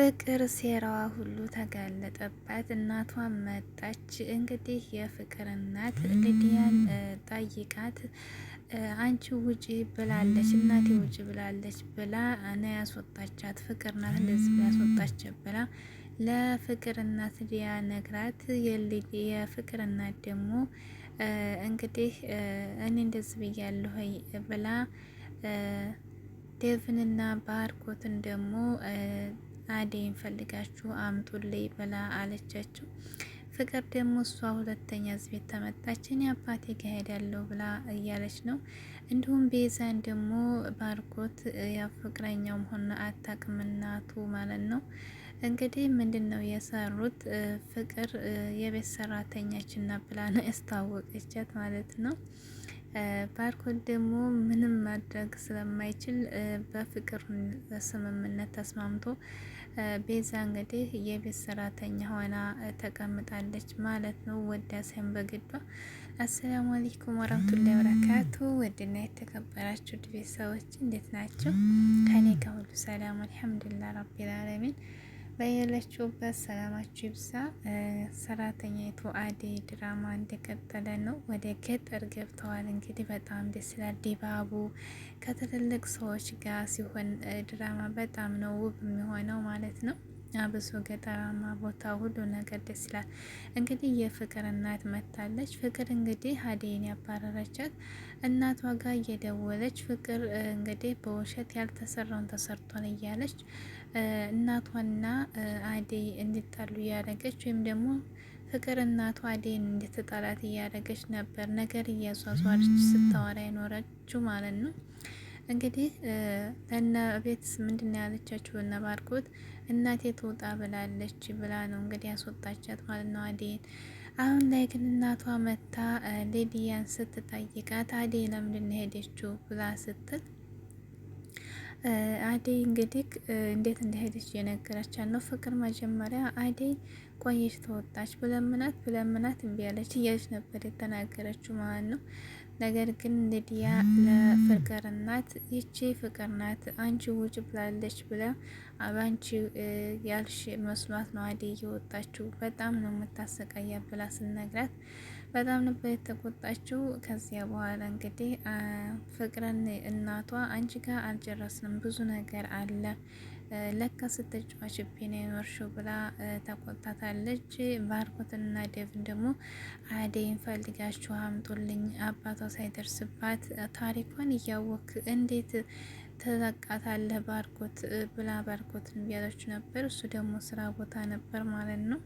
ፍቅር ሴራዋ ሁሉ ተጋለጠባት። እናቷ መጣች። እንግዲህ የፍቅር እናት ልዲያን ጠይቃት አንቺ ውጪ ብላለች፣ እናቴ ውጪ ብላለች ብላ እና ያስወጣቻት ፍቅር ናት እንደዚህ ያስወጣች ብላ ለፍቅር እናት ልዲያ ነግራት፣ የፍቅር እናት ደግሞ እንግዲህ እኔ እንደዚህ ብያለሁ ብላ ዴቭንና ባርኮትን ደግሞ አደይን ፈልጋችሁ አምጡልኝ ብላ አለቻቸው። ፍቅር ደግሞ እሷ ሁለተኛ ዝቤት ተመጣች፣ እኔ አባቴ ጋር ሄዳለሁ ብላ እያለች ነው። እንዲሁም ቤዛን ደግሞ ባርኮት ያ ያፍቅረኛው መሆን አታውቅም እናቱ ማለት ነው። እንግዲህ ምንድን ነው የሰሩት? ፍቅር የቤት ሰራተኛችን ብላ ነው ያስታወቀቻት ማለት ነው። ባርኮት ደግሞ ምንም ማድረግ ስለማይችል በፍቅር ስምምነት ተስማምቶ ቤዛ እንግዲህ የቤት ሰራተኛ ሆና ተቀምጣለች ማለት ነው። ወዳ ሳይሆን በግዷ። አሰላሙ አለይኩም ወራህመቱላሂ ወበረካቱ። ወድና የተከበራችሁ ቤተሰቦች እንዴት ናቸው? ከኔ ከሁሉ ሰላም አልሐምዱሊላህ ረቢል አለሚን በየለችሁበት ሰላማችሁ ይብዛ። ሰራተኛይቱ አደይ ድራማ እንደቀጠለ ነው። ወደ ገጠር ገብተዋል። እንግዲህ በጣም ደስ ይላል። ድባቡ ከትልልቅ ሰዎች ጋር ሲሆን ድራማ በጣም ነው ውብ የሚሆነው ማለት ነው። አብሶ ገጠራማ ቦታ ሁሉ ነገር ደስ ይላል። እንግዲህ የፍቅር እናት መታለች። ፍቅር እንግዲህ አደይን ያባረረቻት እናቷ ጋር እየደወለች ፍቅር እንግዲህ በውሸት ያልተሰራውን ተሰርቷል እያለች እናቷና አደይ እንዲጣሉ እያደረገች ወይም ደግሞ ፍቅር እናቷ አደይን እንድትጠላት እያደረገች ነበር። ነገር እያዟዟረች ስታወራ አይኖረችው ማለት ነው። እንግዲህ እነ ቤትስ ምንድን ነው ያለቻችሁ? እነ ባርኮት እናቴ ትውጣ ብላለች ብላ ነው እንግዲህ ያስወጣቻት ማለት ነው አዴን። አሁን ላይ ግን እናቷ መታ ሌዲያን ስትጠይቃት አዴ ለምንድን ሄደችው ብላ ስትል አዴይ እንግዲህ እንዴት እንደሄደች የነገረቻት ነው ፍቅር። መጀመሪያ አዴይ ቆየች ተወጣች ብለምናት ብለምናት እምቢ አለች እያለች ነበር የተናገረችው ማለት ነው። ነገር ግን ልድያ ለፍቅር ናት ይቺ ፍቅር ናት አንቺ ውጭ ብላለች ብለ አባንቺ ያልሽ መስሏት ነው አዴ የወጣችው በጣም ነው የምታሰቃያ ብላ ስነግራት በጣም ነበር የተቆጣችው። ከዚያ በኋላ እንግዲህ ፍቅርን እናቷ አንቺ ጋር አልጨረስንም፣ ብዙ ነገር አለ ለካ ስትጫዋችብኝ ነው የኖርሽው ብላ ተቆጣታለች። ባርኮትና ዴቭን ደግሞ አደይን ፈልጋችሁ አምጡልኝ አባቷ ሳይደርስባት ታሪኳን እያወክ እንዴት ተዘቃታለህ ባርኮት ብላ ባርኮትን እያለች ነበር። እሱ ደግሞ ስራ ቦታ ነበር ማለት ነው።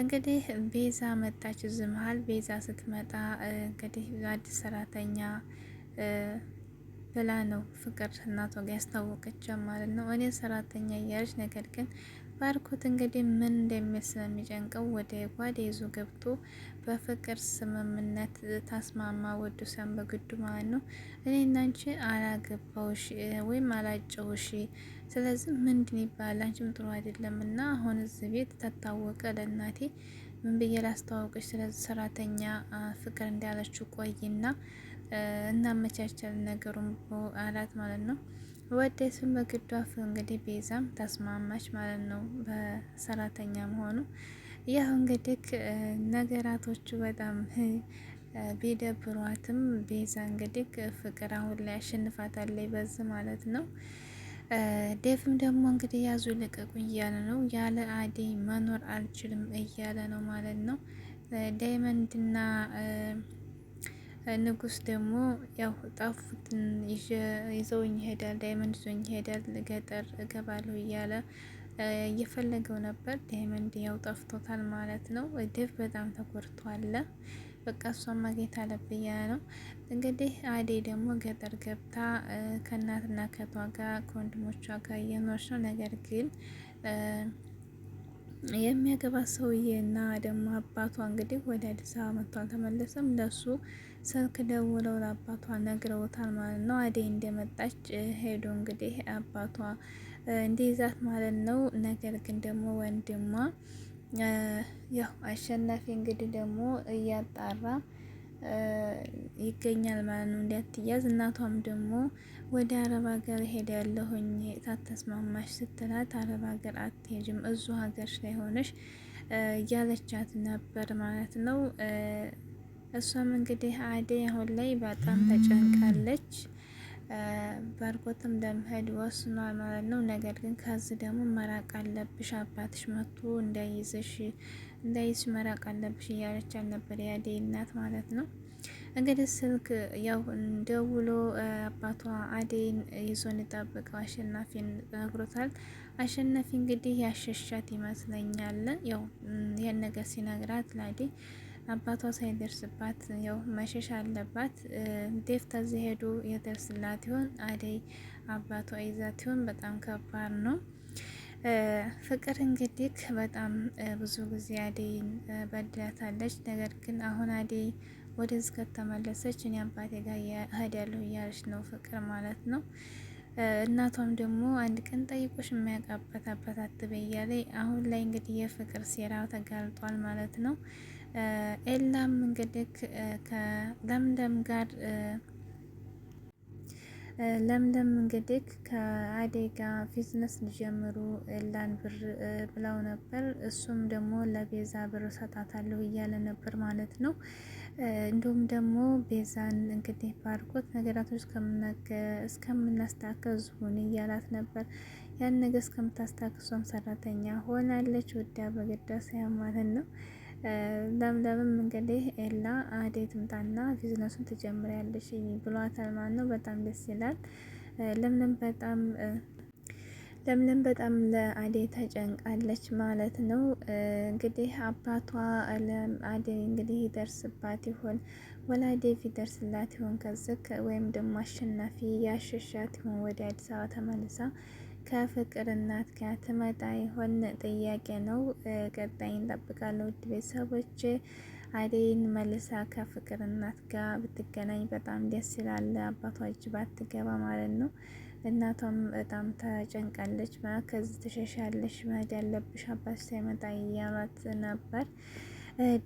እንግዲህ ቤዛ መጣች። እዚህ መሀል ቤዛ ስትመጣ እንግዲህ አዲስ ሰራተኛ ብላ ነው ፍቅር እናቷ ጋር ያስታወቀች ማለት ነው። እኔ ሰራተኛ እያለች ነገር ግን ባርኮት እንግዲህ ምን እንደሚያስለሚጨንቀው ወደ ጓዴ ይዞ ገብቶ በፍቅር ስምምነት ታስማማ ወዱ ሰን በግዱ ማለት ነው። እኔ እናንቺ አላገባውሽ ወይም አላጨውሽ፣ ስለዚህ ምንድን ይባላል? አንቺም ጥሩ አይደለም እና አሁን እዚህ ቤት ተታወቀ ለእናቴ ምን ብዬ ላስተዋወቅሽ? ስለዚህ ሰራተኛ ፍቅር እንዳለችው ቆይና እናመቻቸል ነገሩን አላት ማለት ነው። ወዴትም በግዷፍ እንግዲህ ቤዛም ተስማማች ማለት ነው በሰራተኛ መሆኑ። ያው እንግዲህ ነገራቶቹ በጣም ቢደብሯትም ቤዛ እንግዲህ ፍቅር አሁን ላይ አሸንፋታለች በዝ ማለት ነው። ዴቭም ደግሞ እንግዲህ ያዙ ልቀቁ እያለ ነው። ያለ አደይ መኖር አልችልም እያለ ነው ማለት ነው ዳይመንድና ንጉስ ደግሞ ያው ጣፉትን ይዘውኝ ይሄዳል፣ ዳይመንድ ይዞኝ ይሄዳል፣ ገጠር እገባለሁ እያለ እየፈለገው ነበር። ዳይመንድ ያው ጠፍቶታል ማለት ነው። ዴቭ በጣም ተጎድቷል። በቃ እሷ ማግኘት አለብያ ነው እንግዲህ። አዴ ደግሞ ገጠር ገብታ ከእናትና ከቷ ጋር ከወንድሞቿ ጋር እየኖረች ነው። ነገር ግን የሚያገባ ሰውዬ እና ደግሞ አባቷ እንግዲህ ወደ አዲስ አበባ መጥቷል፣ ተመለሰም ለሱ ስልክ ደውለው ለአባቷ ነግረውታል ማለት ነው። አደይ እንደመጣች ሄዶ እንግዲህ አባቷ እንዲይዛት ማለት ነው። ነገር ግን ደግሞ ወንድሟ ያው አሸናፊ እንግዲህ ደግሞ እያጣራ ይገኛል ማለት ነው እንዲያትያዝ። እናቷም ደግሞ ወደ አረብ ሀገር ያለሁኝ ታተስማማሽ ስትላት አረብ ሀገር አትሄጅም እዙ ሀገር ሳይሆንሽ እያለቻት ነበር ማለት ነው። እሷም እንግዲህ አደይ አሁን ላይ በጣም ተጨንቃለች። ባርኮትም ለመሄድ ወስኗል ማለት ነው። ነገር ግን ከዚህ ደግሞ መራቅ አለብሽ አባትሽ መቶ እንዳይዘሽ እንዳይዝሽ መራቅ አለብሽ እያለች አልነበር የአደይ እናት ማለት ነው። እንግዲህ ስልክ ያው ደውሎ አባቷ አደይን ይዞ እንጠብቀው አሸናፊን ነግሮታል። አሸናፊ እንግዲህ ያሸሻት ይመስለኛል ያው ይህን ነገር ሲነግራት ለአደይ አባቷ ሳይደርስባት ያው መሸሽ አለባት። ዴፍ ተዚህ ሄዱ የደርስላት ይሆን? አደይ አባቷ ይዛት ይሆን? በጣም ከባድ ነው። ፍቅር እንግዲህ በጣም ብዙ ጊዜ አደይን በድላታለች። ነገር ግን አሁን አደይ ወደ ከተመለሰች እኔ አባቴ ጋር እሄዳለሁ እያለች ነው ፍቅር ማለት ነው። እናቷም ደግሞ አንድ ቀን ጠይቆሽ የማያውቃበት አባት አትበይ እያለ አሁን ላይ እንግዲህ የፍቅር ሴራ ተጋልጧል ማለት ነው። ኤላም እንግዲህ ከለምለም ጋር ለምለም እንግዲህ ከአደይ ጋር ቢዝነስ ሊጀምሩ ኤላን ብር ብለው ነበር። እሱም ደግሞ ለቤዛ ብር ሰጣታለሁ እያለ ነበር ማለት ነው። እንዲሁም ደግሞ ቤዛን እንግዲህ ባርኮት ነገራቶች እስከምናስታከዝ ሁን እያላት ነበር። ያን ነገር እስከምታስታክሷም ሰራተኛ ሆናለች ወዳ በግዳ ማለት ነው ለምለምም እንግዲህ ኤላ አደይ ትምጣና ቢዝነሱን ትጀምሪያለሽ ብሏታል ማለት ነው። በጣም ደስ ይላል። ለምለም በጣም ለምለም በጣም ለአዴ ተጨንቃለች ማለት ነው። እንግዲህ አባቷ አዴ እንግዲህ ይደርስባት ይሆን ወላዴ ይደርስላት ይሆን ከዚህ ወይም ደግሞ አሸናፊ ያሸሻት ይሆን ወደ አዲስ አበባ ተመልሳ ከፍቅር እናት ጋር ትመጣ ይሆን ጥያቄ ነው። ቀጣይ እንጠብቃለን። ውድ ቤተሰቦች አደይን መልሳ ከፍቅር እናት ጋር ብትገናኝ በጣም ደስ ይላል። አባቷ እጅ ባትገባ ማለት ነው። እናቷም በጣም ተጨንቃለች። ከዚህ ተሸሻለሽ መሄድ ያለብሽ አባት ሳይመጣ እያሏት ነበር።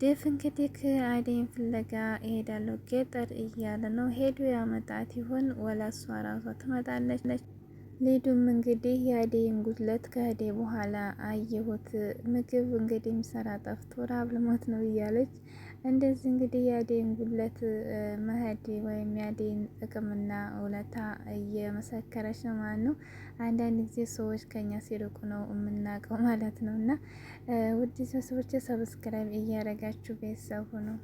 ዴፍ እንግዲህ አደይን ፍለጋ ይሄዳለሁ ገጠር እያለ ነው። ሄዱ ያመጣት ይሆን ወላሷ ራሷ ትመጣለች? ሊዱም እንግዲህ የአደይን ጉድለት ከሄደ በኋላ አየሁት። ምግብ እንግዲህ ምሰራ ጠፍቶ ራብ ልሞት ነው እያለች እንደዚህ እንግዲህ የአደይን ጉድለት መሄድ ወይም የአደይን ጥቅምና ውለታ እየመሰከረች ነው ማለት ነው። አንዳንድ ጊዜ ሰዎች ከኛ ሲርቁ ነው የምናውቀው ማለት ነው። እና ውድ ሰዎች ሰብስክራይብ እያረጋችሁ ቤተሰቡ ነው